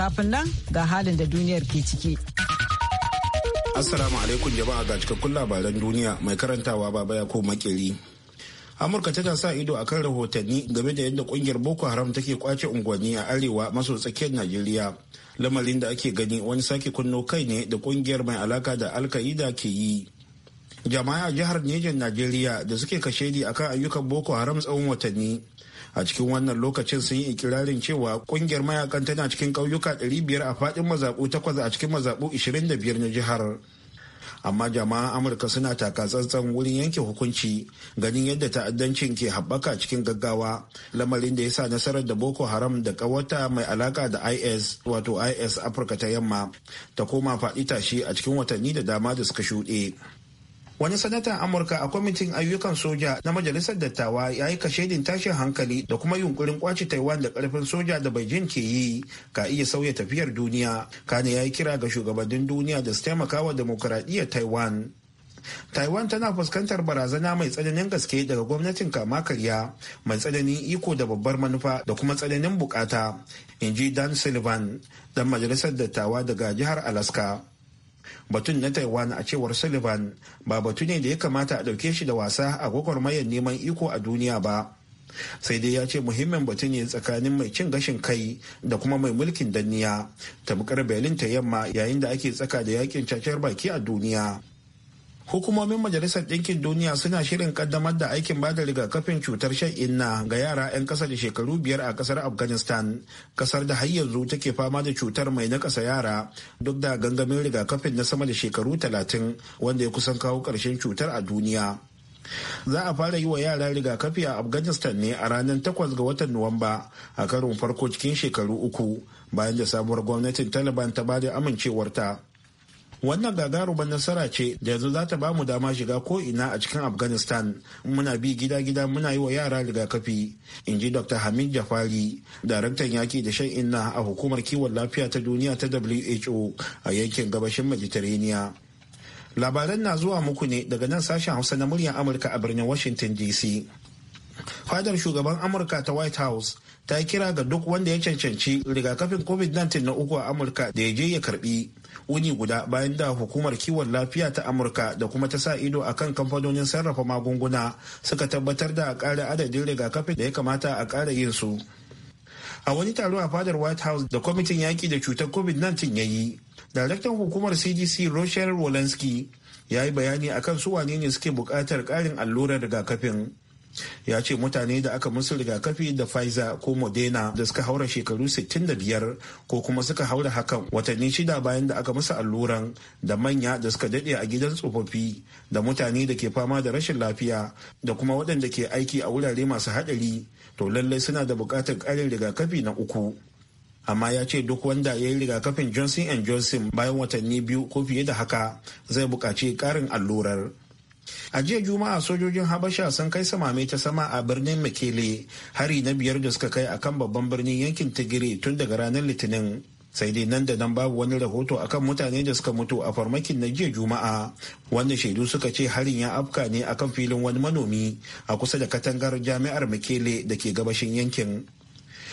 Kafin nan ga halin da duniyar ke ciki. Assalamu alaikum jama'a ga cikakkun labaran duniya mai karantawa baba ya ko makeri. amurka tana sa ido a kan rahotanni game da yadda kungiyar boko haram take kwace unguwanni a arewa maso tsakiyar najeriya lamarin da ake gani wani sake kunno kai ne da kungiyar mai alaka da alka'ida ke yi jama'a jihar nejan najeriya da suke kashe kashedi akan ayyukan boko haram tsawon watanni a cikin wannan lokacin sun yi ikirarin cewa kungiyar mayakan tana cikin ƙauyuka 500 a faɗin mazaɓu 8 a cikin mazaɓu 25 na jihar amma jama'an amurka suna takatsantsan wurin yanke hukunci ganin yadda ta'addancin ke haɓaka cikin gaggawa lamarin da ya sa nasarar da boko haram da ƙawata mai alaka da is wato is afirka ta yamma ta koma faɗi tashi a cikin watanni da dama da suka shuɗe wani sanatan amurka a kwamitin ayyukan soja na majalisar dattawa ya yi kashedin tashin hankali da kuma yunkurin kwace taiwan da karfin soja da beijing ke yi ka iya sauya tafiyar duniya kane ya yi kira ga shugabannin duniya da su taimaka wa demokuraɗiyyar taiwan taiwan tana fuskantar barazana mai tsananin gaske daga gwamnatin kama karya mai tsananin iko da babbar manufa da kuma tsananin bukata in ji dan sullivan dan majalisar dattawa daga jihar alaska batun na taiwan a cewar sullivan ba batu ne da ya kamata a ɗauke shi da wasa a gwagwarmayar neman iko a duniya ba sai dai ya ce muhimmin batu ne tsakanin mai cin gashin kai da kuma mai mulkin danniya tamkar berlin ta yamma yayin da ake tsaka da yakin cacar baki a duniya hukumomin majalisar ɗinkin duniya suna shirin kaddamar da aikin ba da rigakafin cutar shan inna ga yara 'yan ƙasa da shekaru biyar a ƙasar afghanistan ƙasar da har yanzu take fama da cutar mai nakasa yara duk da gangamin rigakafin na sama da shekaru talatin wanda ya kusan kawo ƙarshen cutar a duniya za a fara yi wa yara rigakafi a afghanistan ne a ranar 8 ga watan nuwamba a karon farko cikin shekaru uku bayan da sabuwar gwamnatin taliban ta bada amincewarta wannan gagarumar nasara ce da yanzu za ta ba mu dama shiga ko ina a cikin afghanistan muna bi gida-gida muna yi wa yara rigakafi in ji dr hamid jafari daraktan yaki da shan inna a hukumar kiwon lafiya ta duniya ta who a yankin gabashin mediterania labaran na zuwa muku ne daga nan sashen hausa na muryar amurka a birnin washington dc fadar shugaban amurka ta white house ta kira ga duk wanda ya cancanci rigakafin covid-19 na uku a amurka da ya je ya karbi wuni guda bayan da hukumar kiwon lafiya ta amurka da kuma ta sa ido a kan kamfanonin sarrafa magunguna suka tabbatar da a ƙara adadin rigakafin da ya kamata a ƙara yin su a wani taro a fadar white house da kwamitin yaƙi da cutar covid-19 ya yi daraktan hukumar cdc rochelle walensky ya yi bayani akan su wane ne suke buƙatar ƙarin allurar rigakafin ya ce mutane da aka musu rigakafi da pfizer ko modena da suka haura shekaru 65 ko kuma suka haura hakan watanni shida bayan da aka musu alluran da manya da suka daɗe a gidan tsofaffi da mutane da ke fama da rashin lafiya da kuma waɗanda ke aiki a wurare masu haɗari to lallai suna da buƙatar ƙarin rigakafi na uku amma ya ce duk wanda ya yi rigakafin johnson johnson bayan watanni biyu ko fiye da haka zai buƙaci ƙarin allurar A jiya Juma'a sojojin Habasha sun kai samame ta sama a birnin Mekele hari na biyar da suka kai akan babban birnin yankin Tigiri tun daga ranar Litinin. Sai dai nan da nan babu wani rahoto akan mutane da suka mutu a farmakin na jiya Juma'a wanda shaidu suka ce harin ya afka ne akan filin wani manomi a kusa da katangar jami'ar Mekele da ke gabashin yankin.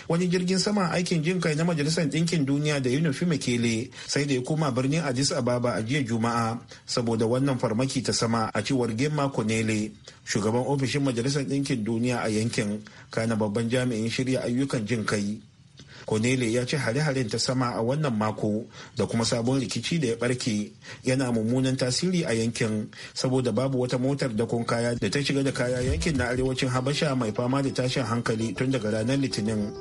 wani jirgin sama aikin jin kai na majalisar ɗinkin duniya da yunufi makele sai da ya koma birnin addis ababa a jiya juma'a saboda wannan farmaki ta sama a cewar gemma Kunele, shugaban ofishin majalisar ɗinkin duniya a yankin kana babban jami'in shirya ayyukan jin kai Cornelia ya ce hare-haren ta sama a wannan mako da kuma sabon rikici da ya barke yana mummunan tasiri a yankin saboda babu wata motar dakon kaya da ta shiga da kaya yankin na arewacin Habasha mai fama da tashin hankali tun daga ranar Litinin.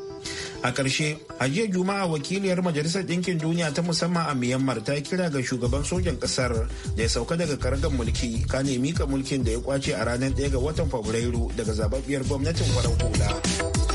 A ƙarshe, a jiya Juma'a wakiliyar Majalisar Ɗinkin Duniya ta musamman a Myanmar ta kira ga shugaban sojan ƙasar da ya sauka daga karagar mulki ka nemi mika mulkin da ya kwace a ranar 1 ga watan Fabrairu daga zababbiyar gwamnatin farar hula.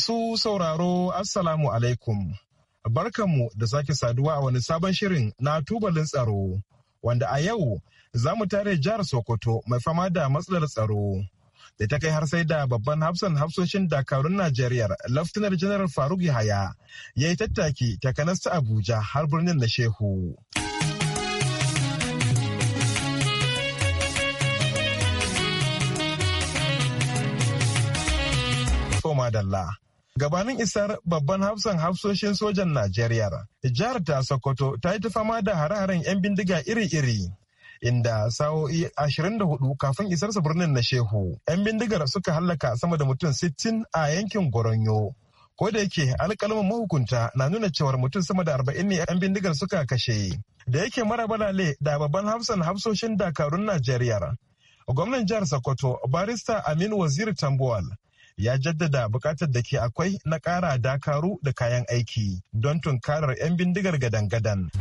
Masu sauraro Assalamu alaikum. Barkanmu da sake saduwa a wani sabon shirin na tubalin tsaro, wanda a yau za mu tare jihar Sokoto mai fama da matsalar tsaro. Da ta kai har sai da babban hafsan hafsoshin dakarun Najeriya, laftinar Janar Faruk Yahaya, ya yi tattaki takanas ta Abuja har birnin na Shehu. Toma gabanin isar babban hafsan hafsoshin sojan najeriya jihar ta sokoto ta yi ta fama da hare-haren 'yan bindiga iri-iri inda sa'o'i hudu kafin isar isarsa birnin na shehu 'yan bindigar suka hallaka sama da mutum sittin a yankin goronyo ko da yake alƙalamin mahukunta na nuna cewar mutum sama da 40 ne 'yan bindigar suka kashe da yake mara balale da babban hafsan hafsoshin dakarun najeriya gwamnan jihar sokoto barista aminu waziri tambuwal ya jaddada bukatar da ke akwai na kara dakaru da kayan aiki don tunkarar 'yan bindigar gadan-gadan.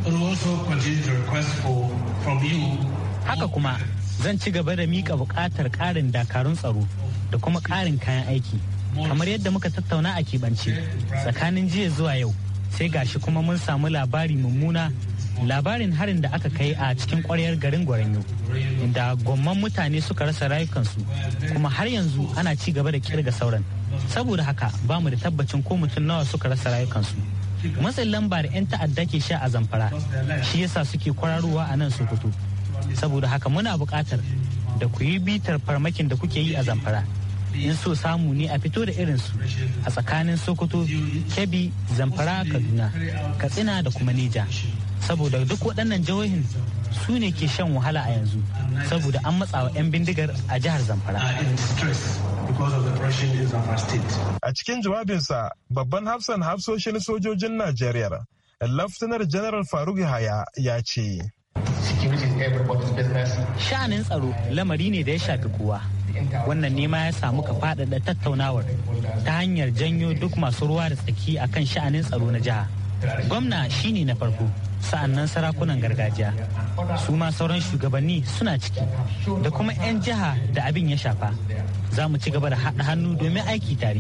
Haka kuma zan ci gaba da mika bukatar karin dakarun tsaro da kuma karin kayan aiki kamar yadda muka tattauna a kibance tsakanin jiya zuwa yau sai gashi kuma mun samu labari mummuna labarin harin da aka kai a cikin kwaryar garin gwaranyo inda gwamman mutane suka rasa rayukansu kuma har yanzu ana ci gaba da kirga sauran saboda haka ba mu da tabbacin ko mutum nawa suka rasa rayukansu matsin lamba da 'yan ta'adda ke sha a zamfara shi yasa suke kwararowa a nan sokoto saboda haka muna buƙatar da ku yi bitar farmakin da kuke yi a zamfara in so samu ne a fito da irinsu a tsakanin sokoto kebbi zamfara kaduna katsina da kuma nija saboda duk waɗannan jihohin su ne ke shan wahala a yanzu saboda an matsawa 'yan bindigar a jihar zamfara a cikin jawabinsa babban hafsan hafsoshin sojojin najeriya laftanar general faruk yahaya ya ce sha'anin tsaro lamari ne da ya shafi kowa wannan nema ya samu ka faɗaɗa tattaunawar ta hanyar janyo duk masu ruwa da tsaki akan sha'anin tsaro na jiha gwamna shine na farko sa'annan sarakunan gargajiya su ma sauran shugabanni suna ciki da kuma 'yan jiha da abin ya shafa za mu ci gaba da haɗa hannu domin aiki tare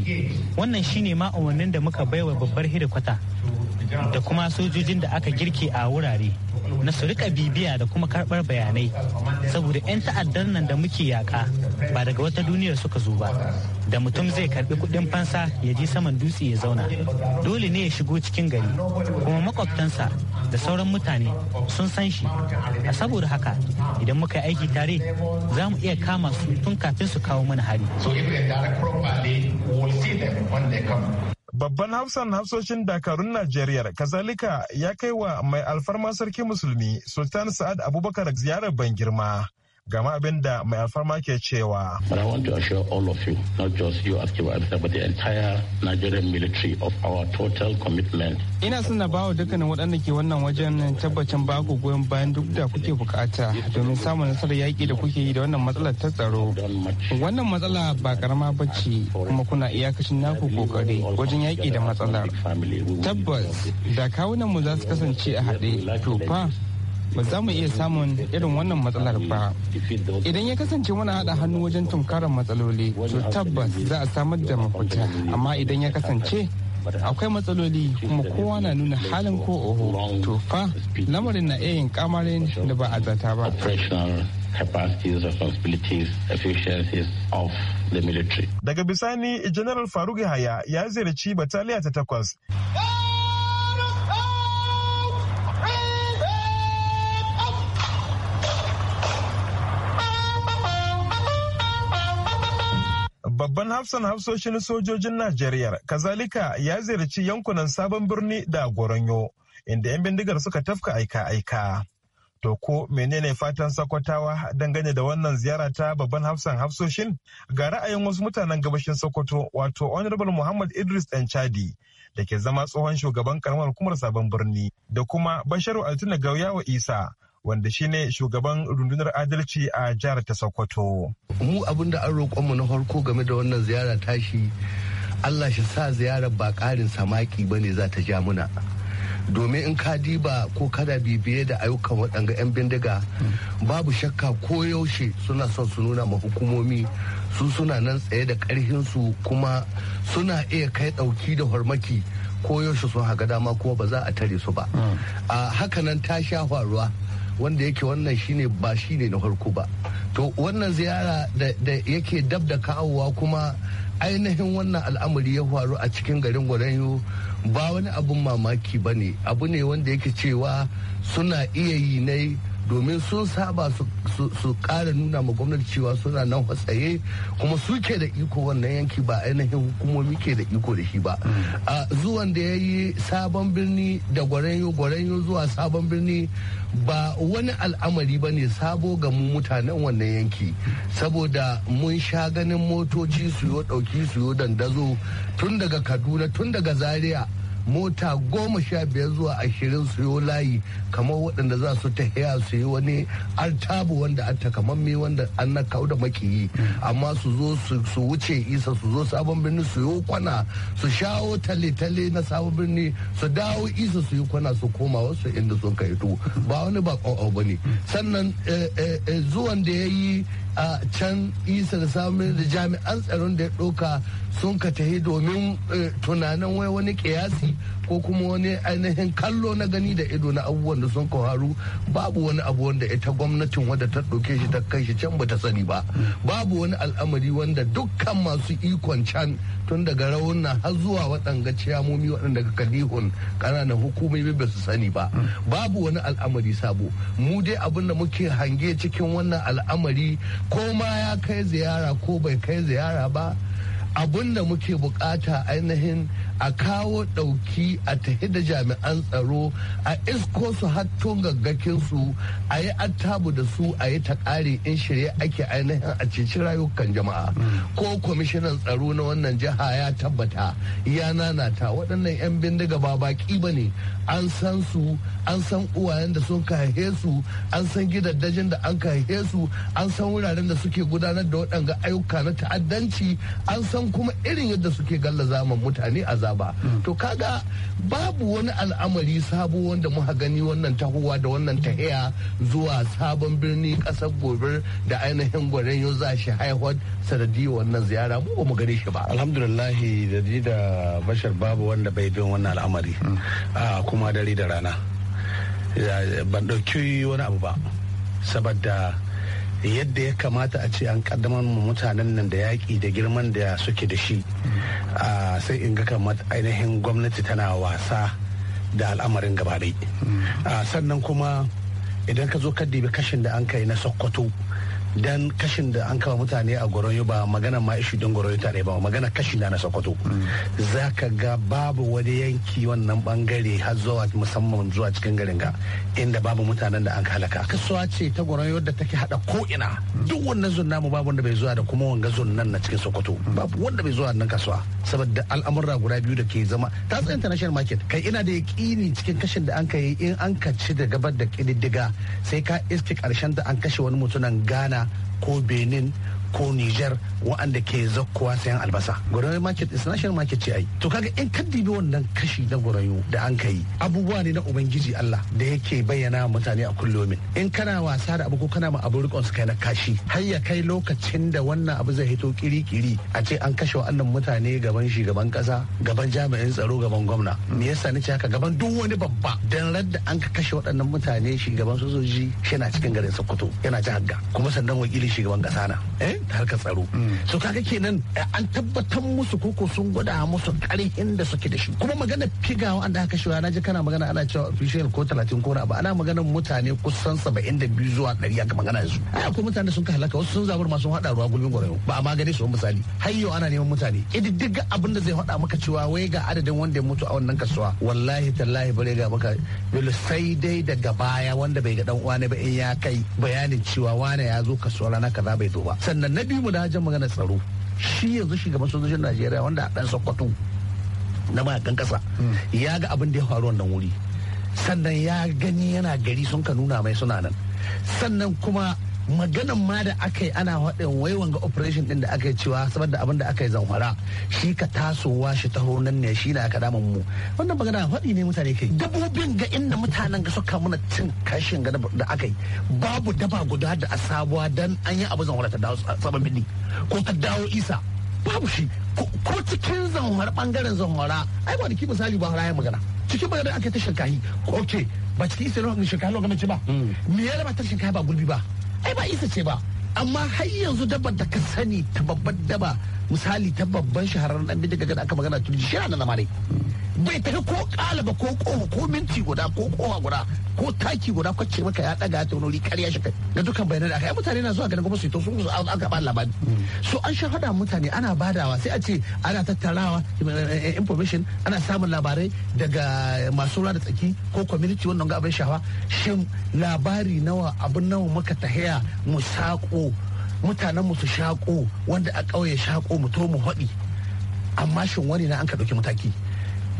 wannan shine ma umarnin da muka baiwa babbar hedikwata da kuma sojojin da aka girke a wurare na su bibiya da kuma karbar bayanai saboda 'yan ta'addar nan da muke yaka ba daga wata duniyar suka zo ba da mutum zai karbi kudin fansa ya ji saman dutse ya zauna dole ne ya shigo cikin gari kuma makwabtansa da sauran mutane sun san shi a saboda haka idan muka yi aiki tare za mu iya kama su tun kafin su kawo mana hari babban hafsan hafsoshin dakarun najeriya kazalika ya kai wa mai alfarma sarki musulmi sultan sa'ad abubakar ziyarar ban girma gama abin da mai alfarma ke cewa. But I want to assure all of you, not just you as Kibadisa, but the entire Nigerian military of our total commitment. Ina son ba wa dukkanin waɗanda ke wannan wajen tabbacin ba ku goyon bayan duk da kuke bukata domin samun nasarar yaƙi da kuke yi da wannan matsalar ta tsaro. Wannan matsala ba karama ba kuma kuna iyakacin naku kokari wajen yaƙi da matsalar. Tabbas da kawunan mu za su kasance a haɗe to fa ba za mu iya samun irin wannan matsalar ba idan ya kasance muna hada hannu wajen tunkarar matsaloli to tabbas za a samar da mafita amma idan ya kasance akwai matsaloli kuma kowa na nuna halin ko oho to fa lamarin na iya yin kamarin da ba a zata ba capacities, responsibilities, efficiencies of the military. Daga bisani General Faruk Yahaya ya ziyarci bataliya ta takwas. babban hafsan hafsoshin sojojin Najeriya kazalika ya ziyarci yankunan sabon birni da Goronyo inda 'yan bindigar suka tafka aika-aika. To ko menene fatan Sokotawa dangane da wannan ziyara ta babban hafsan hafsoshin ga ra'ayin wasu mutanen gabashin Sokoto wato Honorable Muhammad Idris Dan Chadi da ke zama tsohon shugaban karamar hukumar sabon birni da kuma Basharu Altina Gauyawa Isa wanda shine shugaban rundunar adalci a jihar ta Sokoto. Mu abinda an roƙon mu na farko game da wannan ziyara tashi Allah shi sa ziyarar ba ƙarin samaki ba ne za ta ja muna. Domin in ka diba ko kada bibiye da ayyukan waɗanga 'yan bindiga babu shakka ko yaushe suna son su nuna ma hukumomi su suna nan tsaye da ƙarhinsu kuma suna iya kai ɗauki da hormaki ko yaushe sun haga dama kuma ba za a tare su ba. Mm. Hakanan ta sha faruwa. wanda yake wannan shine ba shine na farko ba to wannan ziyara da yake dab da kawowa kuma ainihin wannan al'amari ya faru a cikin garin gwarayo ba wani abun mamaki ba ne abu ne wanda yake cewa suna iya yi na domin sun saba su kara nuna ma gwamnati cewa suna nan hatsaye kuma suke da iko wannan yanki ba ainihin hukumomi ke da iko da shi ba mm. zuwan da ya yi sabon birni da gwarenyo gwarenyo zuwa sabon birni ba wani al'amari ba ne sabo ga mu mutanen wannan yanki saboda mun sha ganin motoci su yo ɗauki su yo dandazo tun daga kaduna tun daga zaria mota goma sha biyar zuwa ashirin su yi layi kamar waɗanda za su ta haya su yi wani artabu wanda an takamamme wanda an na da makiyi amma su zo su wuce isa su zo sabon birni su yi kwana su shawo tale-tale na sabon birni su dawo isa su yi kwana su koma wasu inda sun kai to ba wani ba ƙwaƙwa ba ne sannan eh, eh, eh, zuwan da ya yi a can isa da sabon birni da jami'an tsaron da ya ɗauka sun ka tahi domin eh, tunanin wai wani kiyasi ko kuma wani ainihin kallo na gani da ido na abubuwan da sun kawaru babu wani abu wanda ita gwamnatin wadda ta ɗauke shi ta kai shi can bata sani ba babu wani al'amari wanda dukkan masu ikon can tun daga rauna har zuwa waɗanga ciyamomi waɗanda ka kalihun ƙananan hukumomi ba su sani ba babu wani al'amari sabo mu dai abin da muke hange cikin wannan al'amari ko ma ya kai ziyara ko bai kai ziyara ba abun da muke bukata ainihin a kawo ɗauki a tafi da jami'an tsaro a isko su hatton gaggakin su a yi attabu da su a yi ta in shirye ake ainihin a cici rayukan jama'a ko kwamishinan tsaro na wannan jiha ya tabbata ya nanata waɗannan 'yan bindiga ba baƙi ba ne an san su an san uwayen da sun kahe su an san gidaddajin da an kahe su an san wuraren da suke gudanar da waɗanga ayyuka na ta'addanci an san kuma irin yadda suke gallaza mutane a kaza ba hmm. to kaga babu wani al'amari sabo wanda muka gani wannan tahowa da wannan tahiya zuwa sabon birni kasar gobe da ainihin gwarin yau za shi haihuwar sanadi wannan ziyara mu ba mu gane shi ba alhamdulillah da da bashar babu wanda bai bin wannan al'amari hmm. kuma dare da rana ban ɗauki wani abu ba saboda yadda ya kamata a ce an kaddamar mu mutanen nan da yaƙi da girman da suke da shi sai in ga kamar ainihin gwamnati tana wasa da al'amarin gabaɗai sannan kuma idan ka zo ka dibi kashin da an kai na sokoto dan kashin da an kama mutane a goroyo ba magana ma ishi don goroyo tare ba magana kashi na na sokoto mm. za ka ga babu wani yanki wannan bangare har zuwa musamman zuwa cikin garin ga inda babu mutanen da an halaka kasuwa ce ta goroyo da take hada ko ina mm. duk wannan zunna mu babu wanda bai zuwa da kuma wanga zunnan na cikin sokoto mm. babu wanda bai zuwa nan kasuwa saboda al'amurra guda biyu da ke zama ta tsaye international market kai ina da yakini cikin kashin da an ka yi in an ka ci da gabar da kididdiga sai ka iske karshen da an kashe wani mutunan ghana ko benin ko Niger waɗanda ke zakkuwa sayan albasa. Gwarayo market is national market ce ai. To kaga in ka dibi wannan kashi na gwarayo da an kai abubuwa ne na ubangiji Allah da yake bayyana mutane a kullumin. In kana wasa da abu ko kana ma abu rikon su kai na kashi har ya kai lokacin da wannan abu zai hito kiri-kiri a ce an kashe wa'annan mutane gaban shugaban kasa gaban jami'in tsaro gaban gwamna. Me yasa ni ce haka gaban duk wani babba dan radda an ka kashe waɗannan mutane shugaban sojoji shi yana cikin garin Sokoto yana ta hagga kuma sannan wakilin shugaban kasa na. Eh da harkar tsaro hmm. so kaga kenan eh, an tabbatar musu koko sun gwada musu karhin da suke da shi kuma magana figawa an da haka shiwa na ji kana magana ana cewa official ko 30 ko ba ana maganar mutane kusan 72 zuwa 100 aka magana su ai akwai mutane sun ka halaka wasu sun zabar masu hada ruwa gulbin gwarayo ba a magani su misali har yau ana neman mutane ididdiga abin da zai hada maka cewa wai ga adadin wanda ya mutu a wannan kasuwa wallahi tallahi bare ga maka dole sai dai daga baya wanda bai ga dan uwa ne ba in ya kai bayanin cewa wane ya zo kasuwa rana kaza bai zo ba sannan na biyu mu da hajjan magana tsaro shi yanzu shugaban sojojin najeriya wanda a dan sokoto na mayakan kasa hmm. ya ga abin da ya faru wannan wuri sannan ya gani yana gari sun ka nuna mai suna nan sannan kuma maganan ma da aka yi ana haɗin wai wanga operation din da aka yi cewa saboda abin da aka yi zanhwara shi ka tasowa shi taho nan ne shi na ka damun mu wannan magana faɗi ne mutane kai dabobin ga inda mutanen ga suka muna cin kashin ga da aka yi babu daba guda da asabuwa dan an yi abu zanhwara ta dawo sabon bindi ko ta dawo isa babu shi ko cikin zanhwara bangaren zanhwara ai ba da ki misali ba ya magana cikin magana aka yi ta shinkahi ok ba cikin isa ne shinkahi lokacin ba hmm. me ya raba ta shinkahi ba gulbi ba ai ba isa ce ba amma har yanzu dabbar da ka sani ta babban daba misali ta babban shahararren dan bidiga da aka magana tun shi na namare bai tafi ko kalaba ko kowa ko minti guda ko kowa guda ko taki guda ko ce maka ya daga ta wani kariya shi kai da dukkan bayanan da aka yi mutane na zuwa ganin gwamnati to sun aka ba labari so an sha hada mutane ana badawa sai a ce ana tattarawa eh, information ana samun labarai daga masu da tsaki ko community wannan ga abin shawa shin labari nawa abin nawa muka tahiya mu sako mutanen mu su shako wanda a ƙauye shako mu to mu haɗi amma shin wani na an ka ɗauki mataki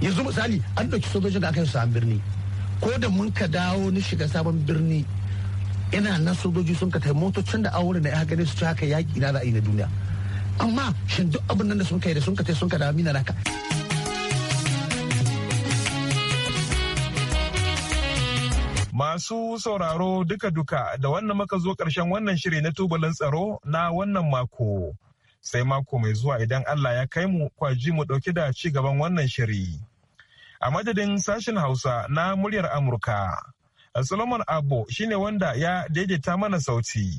yanzu misali an ɗauki sojojin da aka yi sabon birni ko da mun ka dawo ni shiga sabon birni ina nan sojoji sun ka motocin da aure da ya gane su ci haka yaƙi na ra'ayi na duniya amma shin duk abin nan da sun kai da sun ka sun ka dawo mina naka. Masu sauraro duka-duka da wannan maka zo ƙarshen wannan shiri na tubalin tsaro na wannan mako. Sai mako mai zuwa idan Allah ya kai mu kwaji mu ɗauki da ci gaban wannan shiri. a madadin sashen Hausa na muryar Amurka. Solomon Abbo shine wanda ya daidaita mana sauti.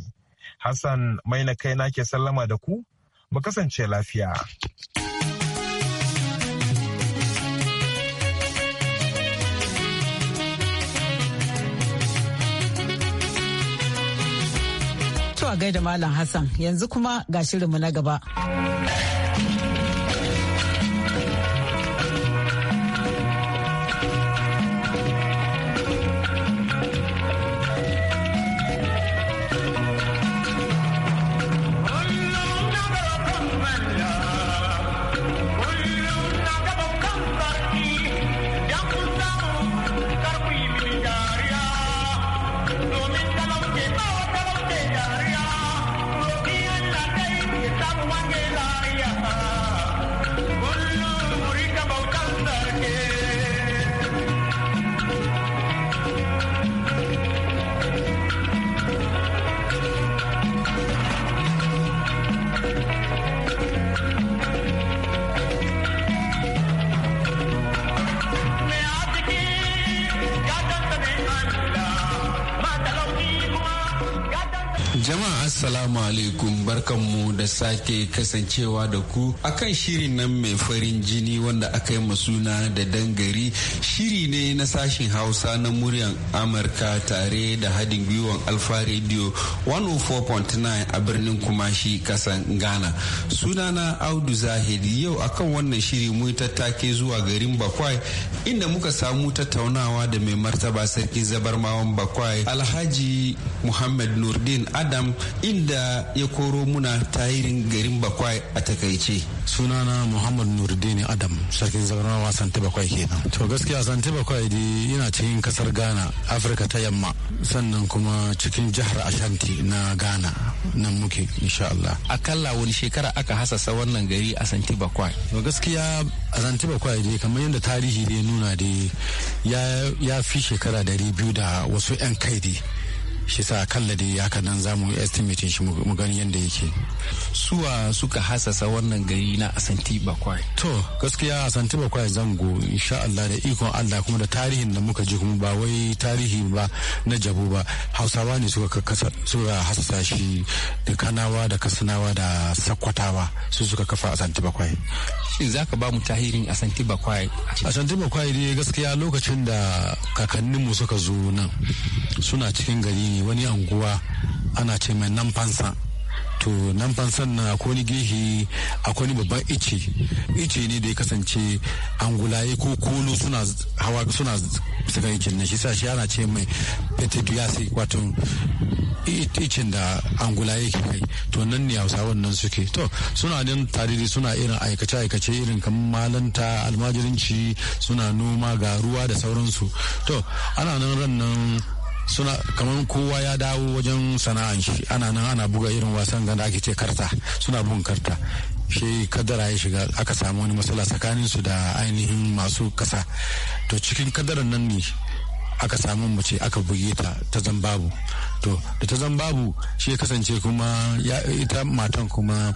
Hassan mai na kai na ke sallama da ku, mu kasance lafiya. Tuwa gaida Malam Hassan yanzu kuma ga shirinmu na gaba. barkanmu da sake kasancewa da ku akan shiri nan mai farin jini wanda aka yi suna da dangari shiri ne na sashen hausa na muryan amurka tare da hadin gwiwan alfa radio 104.9 a birnin kumashi kasan ghana sunana audu zahiri yau akan wannan shiri mu tattake zuwa garin bakwai inda muka samu tattaunawa da mai martaba sarkin zabarmawan bakwai alhaji muhammad nurdin adam inda ya koro muna tarihin garin bakwai a takaice sunana muhammad nurdin adam sarkin zagarmawa santi bakwai kenan to gaskiya santi bakwai dai yana cikin kasar ghana afirka ta yamma sannan kuma cikin jihar ashanti na ghana nan muke insha allah akalla wani shekara aka hasasa wannan gari a santi bakwai to gaskiya a santi bakwai dai kamar yadda tarihi dai nuna dai ya fi shekara dari biyu da wasu 'yan kai shi sa kalla da haka nan za mu estimate shi mu gani yadda yake suwa suka hasasa wannan gari na asanti bakwai to gaskiya asanti bakwai zango insha Allah da ikon Allah kuma da tarihin da muka ji kuma ba wai tarihi ba na jabu ba hausawa ne suka suka hasasa shi da kanawa da kasanawa da sakwatawa su suka kafa asanti bakwai shin zaka ba mu tarihin asanti bakwai asanti bakwai dai gaskiya lokacin da kakanninmu suka zo nan suna cikin gari ne wani anguwa ana ce mai nan fansa to nan fansan na ko gihi akwai babban ice ice ne da ya kasance angulaye ko kono suna hawa suna suka yi kinna shi sa shi ana ce mai yasi wato icin da angula ke kai to nan ne hausawan nan suke to suna nan tarihi suna irin aikace-aikace irin kamar malanta almajirinci suna noma ga ruwa da sauransu to ana nan ran nan suna kamar kowa ya dawo wajen sana'an shi ana nan ana buga irin wasan ganda ake ce karta suna bugun karta shi kadara ya shiga aka samu wani matsala tsakanin su da ainihin masu kasa to cikin kadaran nan ne aka samu mace aka buge ta ta zan babu to da ta zan babu shi ya kasance kuma ya ita matan kuma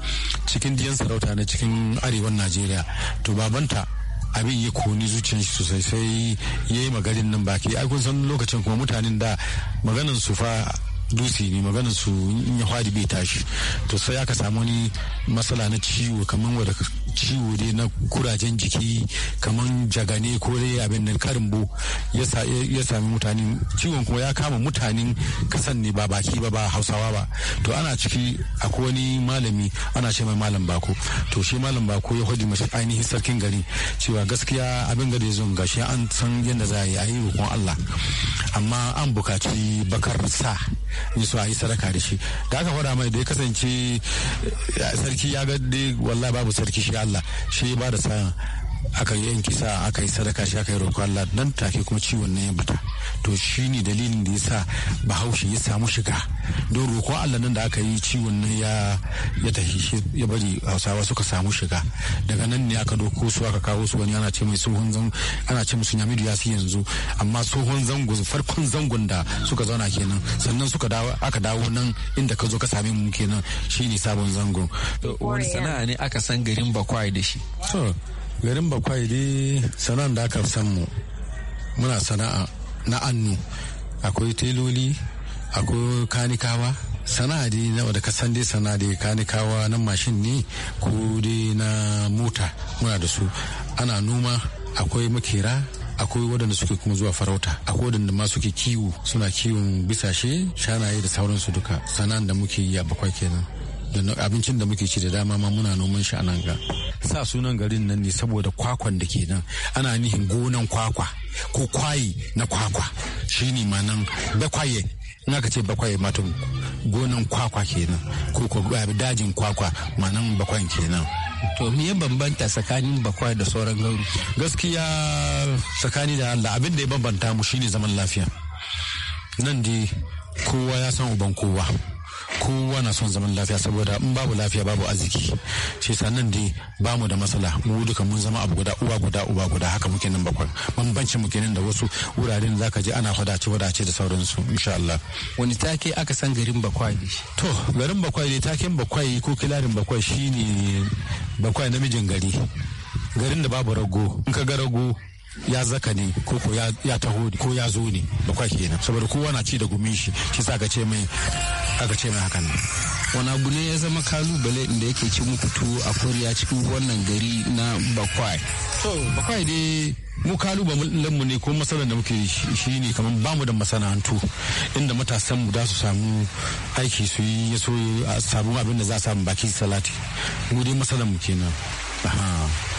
cikin diyan sarauta na cikin arewan najeriya to babanta abin ya koni zuciyar shi sosai sai ya yi maganin nan baki ai kun san lokacin kuma mutanen da maganan su fa dusi ne magana su in ya hwadi bai tashi to sai aka samu wani matsala na ciwo kamar wadda ciwo dai na kurajen jiki kamar jagane ko dai abin nan karimbo ya sami mutane ciwon kuma ya kama mutanen kasan ne ba baki ba ba hausawa ba to ana ciki akwai wani malami ana ce mai malam bako to shi malam bako ya hudu mashi ainihin sarkin gari cewa gaskiya abin gada ya zo gashi an san yadda za a yi a yi roƙon Allah amma an bukaci bakar sa in so a yi sadaka da shi da aka fara mai da ya kasance sarki ya ga wallahi babu sarki shi Allah shi ya ba da sa'a aka yi kisa aka yi sadaka shi aka yi roƙo Allah nan take kuma ciwon nan ya bata to shi ne dalilin da yasa bahaushe ya samu shiga don roƙo Allah nan da aka yi ciwon nan ya ya tafi ya bari Hausawa suka samu shiga daga nan ne aka doko su aka kawo su wani ana ce mai tsohon zango ana ce musu Nyamidu Yasi yanzu amma tsohon zango farkon zangon da suka zauna kenan sannan suka dawo aka dawo nan inda ka zo ka same mu kenan shine sabon zango wani sana'a ne aka san garin Bakwai da shi garin bakwai dai sana'an da aka san mu muna sana'a na annu akwai teloli akwai kanikawa sana'a dai na da kasan dai sana'a dai kanikawa na mashin ne ko dai na mota muna da su ana noma akwai makera akwai waɗanda suke kuma zuwa farauta akwai waɗanda ma suke kiwo suna kiwon bisashe shanaye da sauransu duka sana'an da muke yi a bakwai kenan da abincin da muke ci da dama ma muna noman shi a nan ga sa sunan garin nan ne saboda kwakwan da ke nan ana nihin gonan kwakwa ko kwayi na kwakwa shi ne ma nan bakwaye na ka ce bakwaye mata gonan kwakwa kenan ko ko eh, dajin kwakwa ma nan bakwan kenan to me ya bambanta tsakanin bakwai da sauran gauri gaskiya tsakani da Allah abin da ya bambanta mu shine zaman lafiya nan dai kowa ya san uban kowa kowa na son zaman lafiya saboda in babu lafiya babu arziki shi sannan dai ba mu da matsala mu duka mun zama abu guda uwa guda uba guda haka muke nan bakwai bambancin muke nan da wasu wuraren zaka je ana fadace wadace da sauransu insha Allah wani take aka san garin bakwai to garin bakwai ne taken bakwai ko kilarin bakwai shine bakwai namijin gari garin da babu rago in ka ga rago ya zaka ne ko ko ya taho ne ko ya zo ne bakwai kenan saboda kowa na ci da gumi shi shi sa ka ce mai aka ce mai hakan wani abu ne ya zama kalubale inda yake ci muku tuwo a koriya cikin wannan gari na bakwai to bakwai dai mu kalubalen mu ne ko matsalar da muke shi ne kamar mu da masana'antu inda matasan mu za su samu aiki su yi ya so sabon abin da za a samu baki salati mu dai matsalar mu kenan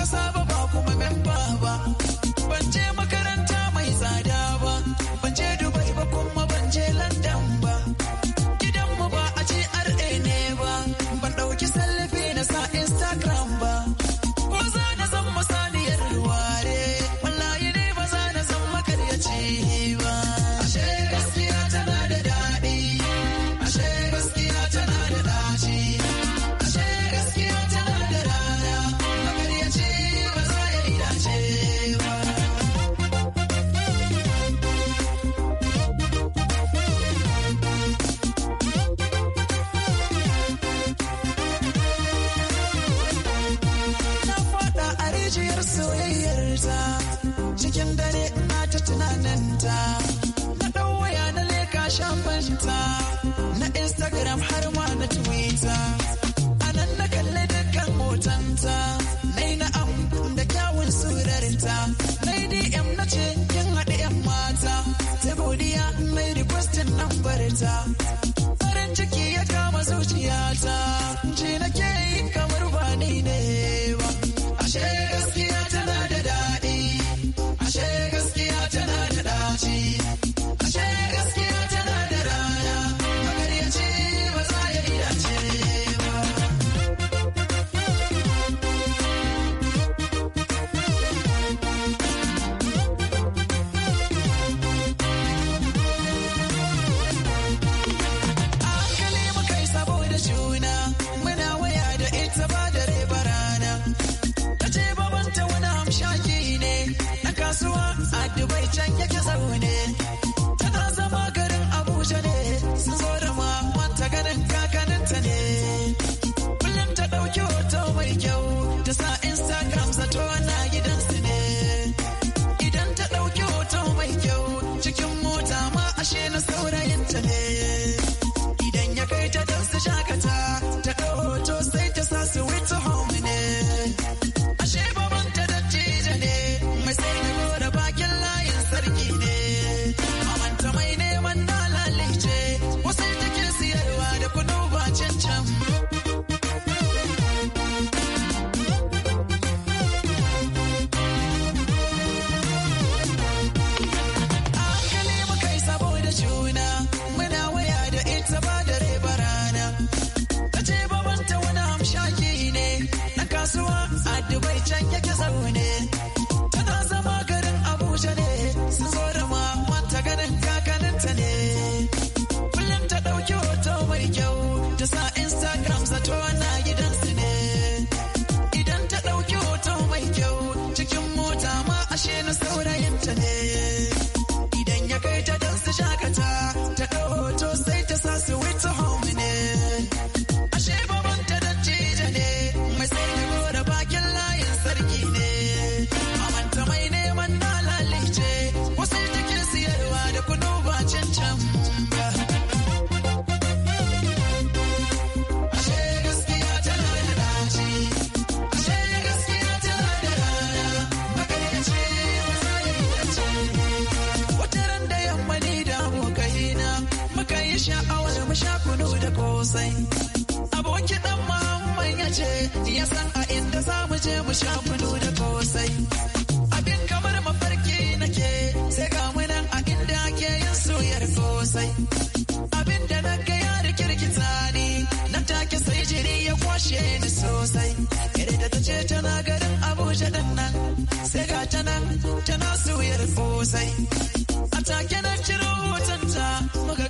ƙasa ba Ibiza. mu sha kunu da kosai abin kamar mafarki nake sai ga munan a inda ake yin suyar kosai abin da na ga ya rikirkita ni nan take sai jiri ya kwashe ni sosai kare da ta ce tana garin abuja din nan sai ga ta tana suyar kosai a take na ciro hotonta muka